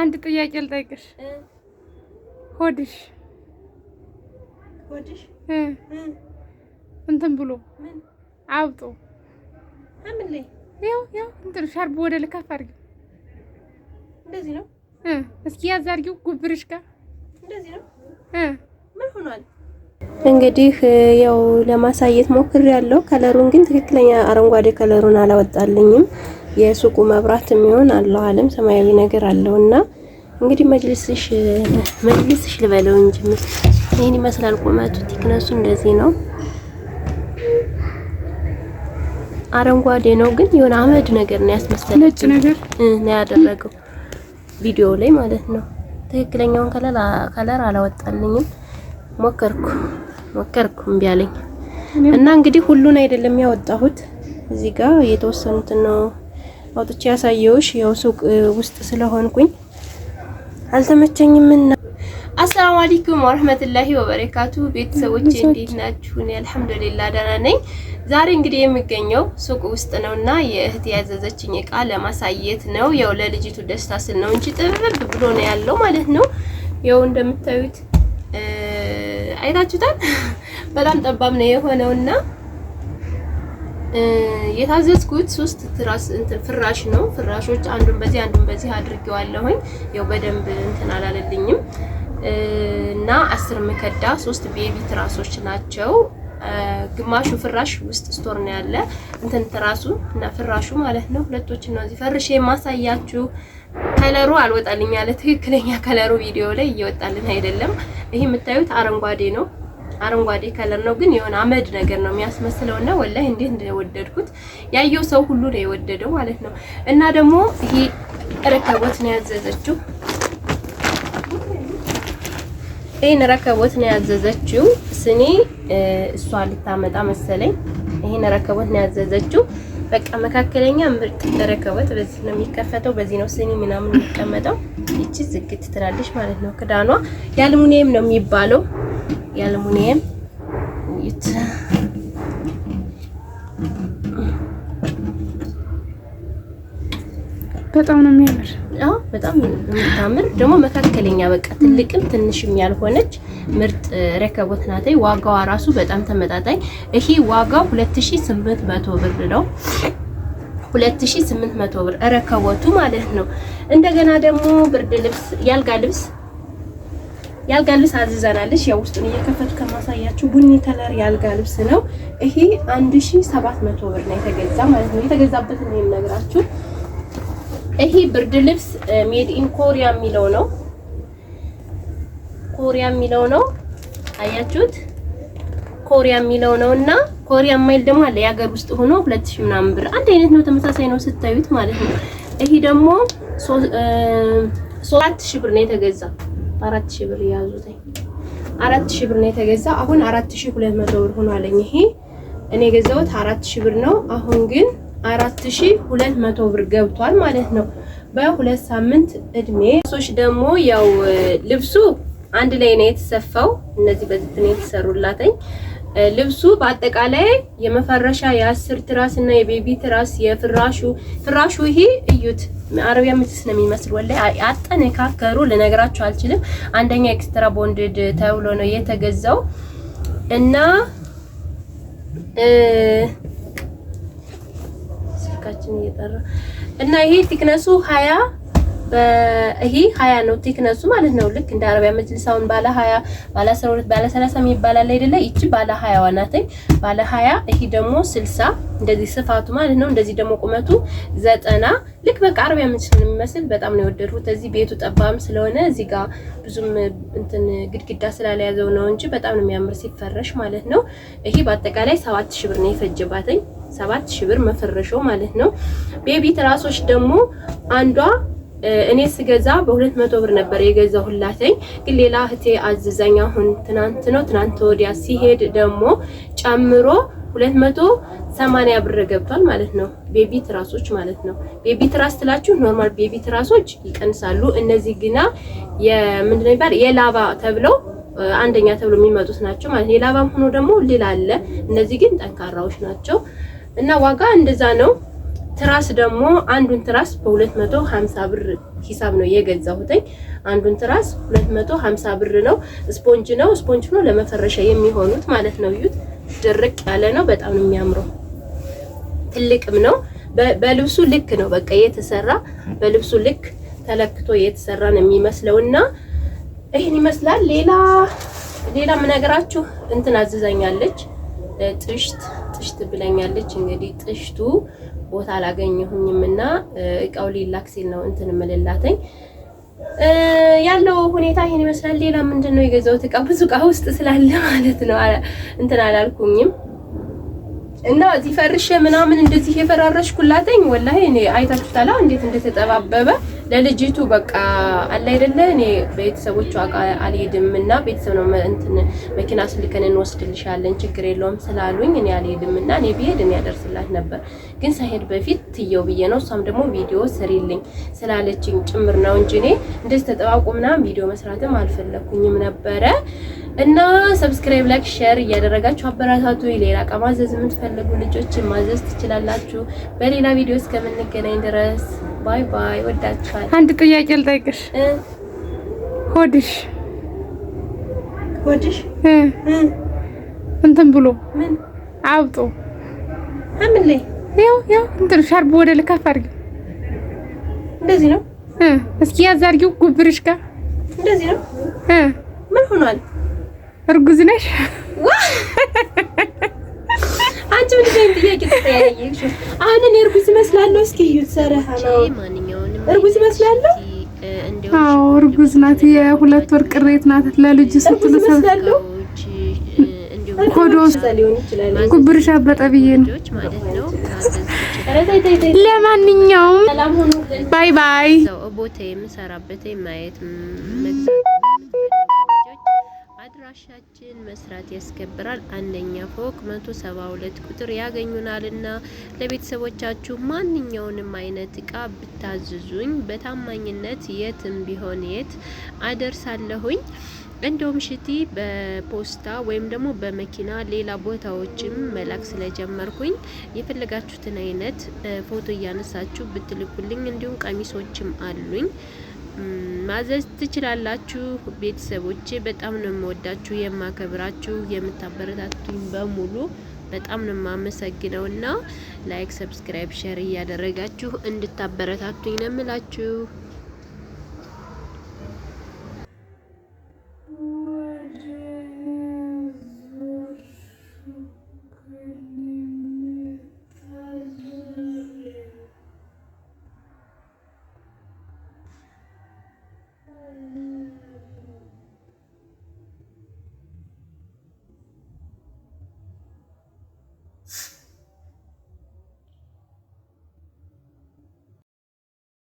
አንድ ጥያቄ ልጠይቅሽ። ሆድሽ ሆድሽ እንትን ብሎ አብጦ ያው ያው እንትን ሻርብ ወደ ልካፍ አድርጊው። እንደዚህ ነው። እስኪ ያዝ አድርጊው ጉብርሽ ጋር እንደዚህ ነው። ምን ሆኗል? እንግዲህ ያው ለማሳየት ሞክር ያለው ከለሩን ግን ትክክለኛ አረንጓዴ ከለሩን አላወጣልኝም። የሱቁ መብራት የሚሆን አለው አለም ሰማያዊ ነገር አለው እና እንግዲህ መጅልስሽ መጅልስሽ ልበለው እንጂ ይህን ይመስላል። ቁመቱ ቲክነሱ እንደዚህ ነው። አረንጓዴ ነው ግን የሆነ አመድ ነገር ነው ያስመሰለ ነጭ ነገር ነው ያደረገው ቪዲዮ ላይ ማለት ነው። ትክክለኛውን ከለር አላወጣልኝም። ሞከርኩ ሞከርኩ እምቢ አለኝ እና እንግዲህ ሁሉን አይደለም ያወጣሁት እዚህ ጋር የተወሰኑትን ነው አውጥቼ ያሳየውሽ ያው ሱቅ ውስጥ ስለሆንኩኝ አልተመቸኝምና። አሰላሙ አለይኩም ወራህመቱላሂ ወበረካቱ ቤተሰቦች እንዴት ናችሁ? እኔ አልሐምዱሊላህ ደህና ነኝ። ዛሬ እንግዲህ የሚገኘው ሱቅ ውስጥ ነውና የእህት ያዘዘችኝ እቃ ለማሳየት ነው። ያው ለልጅቱ ደስታ ስል ነው እንጂ ጥብብ ብሎ ነው ያለው ማለት ነው። ያው እንደምታዩት አይታችሁታል። በጣም ጠባብ ነው የሆነውና የታዘዝኩት ሶስት ትራስ እንትን ፍራሽ ነው። ፍራሾች አንዱን በዚህ አንዱን በዚህ አድርጌዋለሁኝ። ያው በደንብ እንትን አላለልኝም እና አስር ምከዳ ሶስት ቤቢ ትራሶች ናቸው። ግማሹ ፍራሽ ውስጥ ስቶር ነው ያለ እንትን ትራሱ እና ፍራሹ ማለት ነው። ሁለቶችን ነው እዚህ ፈርሼ የማሳያችሁ። ከለሩ አልወጣልኝ ያለ ትክክለኛ ከለሩ ቪዲዮ ላይ እየወጣልን አይደለም። ይሄ የምታዩት አረንጓዴ ነው። አረንጓዴ ከለር ነው፣ ግን የሆነ አመድ ነገር ነው የሚያስመስለው እና ወላሂ እንዴት እንደወደድኩት ያየው ሰው ሁሉ ነው የወደደው ማለት ነው። እና ደግሞ ይሄ ረከቦት ነው ያዘዘችው። ይሄን ረከቦት ነው ያዘዘችው። ስኒ እሷ ልታመጣ መሰለኝ። ይሄን ረከቦት ነው ያዘዘችው። በቃ መካከለኛ ምርጥ ረከቦት በዚህ ነው የሚከፈተው። በዚህ ነው ስኒ ምናምን የሚቀመጠው። ይቺ ዝግት ትላለች ማለት ነው። ክዳኗ የአልሙኒየም ነው የሚባለው የአልሙኒየም እዩት። በጣም ነው የሚያምር። አዎ በጣም የምታምር ደግሞ መካከለኛ በቃ ትልቅም ትንሽም ያልሆነች ምርጥ ረከቦት ናት። ዋጋዋ ራሱ በጣም ተመጣጣኝ። ይሄ ዋጋው 2800 ብር ነው። 2800 ብር ረከቦቱ ማለት ነው። እንደገና ደግሞ ብርድ ልብስ፣ ያልጋ ልብስ የአልጋ ልብስ አዝዘናለች። ያው ውስጡን እየከፈቱ ከማሳያችሁ ቡኒ ከለር የአልጋ ልብስ ነው። ይሄ 1700 ብር ነው የተገዛ ማለት ነው። የተገዛበት ነው የምነግራችሁ። ይሄ ብርድ ልብስ ሜድ ኢን ኮሪያ የሚለው ነው። ኮሪያ የሚለው ነው። አያችሁት? ኮሪያ የሚለው ነው እና ኮሪያ ማይል ደግሞ አለ የሀገር ውስጥ ሆኖ 2000 ምናምን ብር አንድ አይነት ነው፣ ተመሳሳይ ነው ስታዩት ማለት ነው። ይሄ ደግሞ 3000 ብር ነው የተገዛ አራት ሺህ ብር ያዙትኝ። አራት ሺህ ብር ነው የተገዛ። አሁን አራት ሺህ ሁለት መቶ ብር ሆኗለኝ። ይሄ እኔ የገዛሁት አራት ሺህ ብር ነው። አሁን ግን አራት ሺህ ሁለት መቶ ብር ገብቷል ማለት ነው በሁለት ሳምንት እድሜ። ሶች ደግሞ ያው ልብሱ አንድ ላይ ነው የተሰፋው። እነዚህ በዝት ነው የተሰሩላተኝ ልብሱ በአጠቃላይ የመፈረሻ የአስር ትራስ እና የቤቢ ትራስ የፍራሹ ፍራሹ ይሄ እዩት፣ አረቢያ ምትስ ነው የሚመስል። ወላሂ አጠነካከሩ ልነግራችሁ አልችልም። አንደኛ ኤክስትራ ቦንድድ ተብሎ ነው የተገዛው እና ስልካችን እየጠራ እና ይሄ ቲክነሱ ሀያ ይሄ ሀያ ነው ቴክነሱ ማለት ነው። ልክ እንደ አረቢያ መጅልስ አሁን ባለ ሀያ ባለ አስራ ሁለት ባለ ሰላሳ የሚባላል አይደለ? ይቺ ባለ ባለ ሀያ ይሄ ደግሞ ስልሳ እንደዚህ ስፋቱ ማለት ነው። እንደዚህ ደግሞ ቁመቱ ዘጠና ልክ በቃ አረቢያ መጅልስ የሚመስል በጣም ነው የወደድኩት። እዚህ ቤቱ ጠባም ስለሆነ እዚህ ጋር ብዙም እንትን ግድግዳ ነው እንጂ በጣም ነው የሚያምር ሲፈረሽ ማለት ነው። ይሄ በአጠቃላይ ሰባት ሺህ ብር ነው የፈጀባትኝ ሰባት ሺህ ብር መፈረሻው ማለት ነው። ቤቢ ትራሶች ደግሞ አንዷ እኔ ስገዛ በሁለት መቶ ብር ነበር የገዛው ሁላተኝ ግን ሌላ እህቴ አዝዛኝ አሁን ትናንት ነው ትናንት ወዲያ ሲሄድ ደግሞ ጨምሮ ሁለት መቶ ሰማንያ ብር ገብቷል ማለት ነው። ቤቢ ትራሶች ማለት ነው። ቤቢ ትራስ ትላችሁ ኖርማል ቤቢ ትራሶች ይቀንሳሉ። እነዚህ ግና የምንድን ነው የሚባል የላባ ተብለው አንደኛ ተብሎ የሚመጡት ናቸው ማለት ነው። የላባም ሆኖ ደግሞ ልል አለ። እነዚህ ግን ጠንካራዎች ናቸው እና ዋጋ እንደዛ ነው። ትራስ ደግሞ አንዱን ትራስ በ250 ብር ሂሳብ ነው የገዛሁትኝ። አንዱን ትራስ 250 ብር ነው። ስፖንጅ ነው ስፖንጅ ነው ለመፈረሻ የሚሆኑት ማለት ነው። እዩት፣ ድርቅ ያለ ነው። በጣም ነው የሚያምረው። ትልቅም ነው። በልብሱ ልክ ነው በቃ የተሰራ በልብሱ ልክ ተለክቶ የተሰራ ነው የሚመስለውና ይህን ይመስላል። ሌላ ሌላ ምነግራችሁ እንትን አዝዛኛለች ጥሽት ጥሽት ብለኛለች። እንግዲህ ጥሽቱ ቦታ አላገኘሁኝም እና እቃው ሊላክ ሲል ነው እንትን ምልላተኝ ያለው ሁኔታ ይሄን ይመስላል። ሌላ ምንድን ነው የገዛሁት እቃ ብዙ እቃ ውስጥ ስላለ ማለት ነው እንትን አላልኩኝም እና እዚህ ፈርሼ ምናምን እንደዚህ የፈራረሽኩላተኝ ወላሂ እኔ አይታችሁታላ እንዴት እንደተጠባበበ ለልጅቱ በቃ አለ አይደለ እኔ ቤተሰቦቹ አልሄድም እና ቤተሰብ ነው እንትን መኪና ስልከን እንወስድልሻለን ችግር የለውም ስላሉኝ እኔ አልሄድም እና እኔ ብሄድ እኔ ያደርስላት ነበር፣ ግን ሳሄድ በፊት ትየው ብዬ ነው። እሷም ደግሞ ቪዲዮ ስሪልኝ ስላለችኝ ጭምር ነው እንጂ እኔ እንደዚህ ተጠባብቆ ምናምን ቪዲዮ መስራትም አልፈለኩኝም ነበረ። እና ሰብስክራይብ፣ ላይክ፣ ሼር እያደረጋችሁ አበረታቱ። ሌላ እቃ ማዘዝ የምትፈልጉ ልጆችን ማዘዝ ትችላላችሁ። በሌላ ቪዲዮ እስከምንገናኝ ድረስ ባይ ባይ። ወዳችኋል። አንድ ጥያቄ ልጠይቅሽ። ሆድሽ ሆድሽ እንትን ብሎ ምን አውጡ አምን ያው ያው እንትን ሻርብ ወደ ልካፍ አድርጊ። እንደዚህ ነው። እስኪ ያዝ አድርጊው ጉብርሽ ጋር እንደዚህ ነው። ምን ሆኗል? እርጉዝ ነሽ? አንቺ ምን ዘን ጥያቄ ተጠያየሽ? አሁን እኔ እርጉዝ መስላለሁ? እስኪ እዩ ሰራሃ ነው እርጉዝ መስላለሁ? አዎ እርጉዝ ናት። የሁለት ወር ቅሬት ናት። ለልጅ ስትል እመስላለሁ ኮዶስ ጉብርሻ በጠብዬ ለማንኛውም ባይ ባይ ቦታ የምሰራበት አድራሻችን መስራት ያስከብራል አንደኛ ፎቅ መቶ ሰባ ሁለት ቁጥር ያገኙናልና ለቤተሰቦቻችሁ ማንኛውንም አይነት እቃ ብታዝዙኝ በታማኝነት የትም ቢሆን የት አደርሳለሁኝ። እንዲሁም ሽቲ በፖስታ ወይም ደግሞ በመኪና ሌላ ቦታዎችም መላክ ስለጀመርኩኝ የፈለጋችሁትን አይነት ፎቶ እያነሳችሁ ብትልኩልኝ፣ እንዲሁም ቀሚሶችም አሉኝ ማዘዝ ትችላላችሁ። ቤተሰቦቼ በጣም ነው የምወዳችሁ፣ የማከብራችሁ፣ የምታበረታቱኝ በሙሉ በጣም ነው የማመሰግነው እና ላይክ፣ ሰብስክራይብ፣ ሼር እያደረጋችሁ እንድታበረታቱኝ ነው የምላችሁ። Bye. Mm.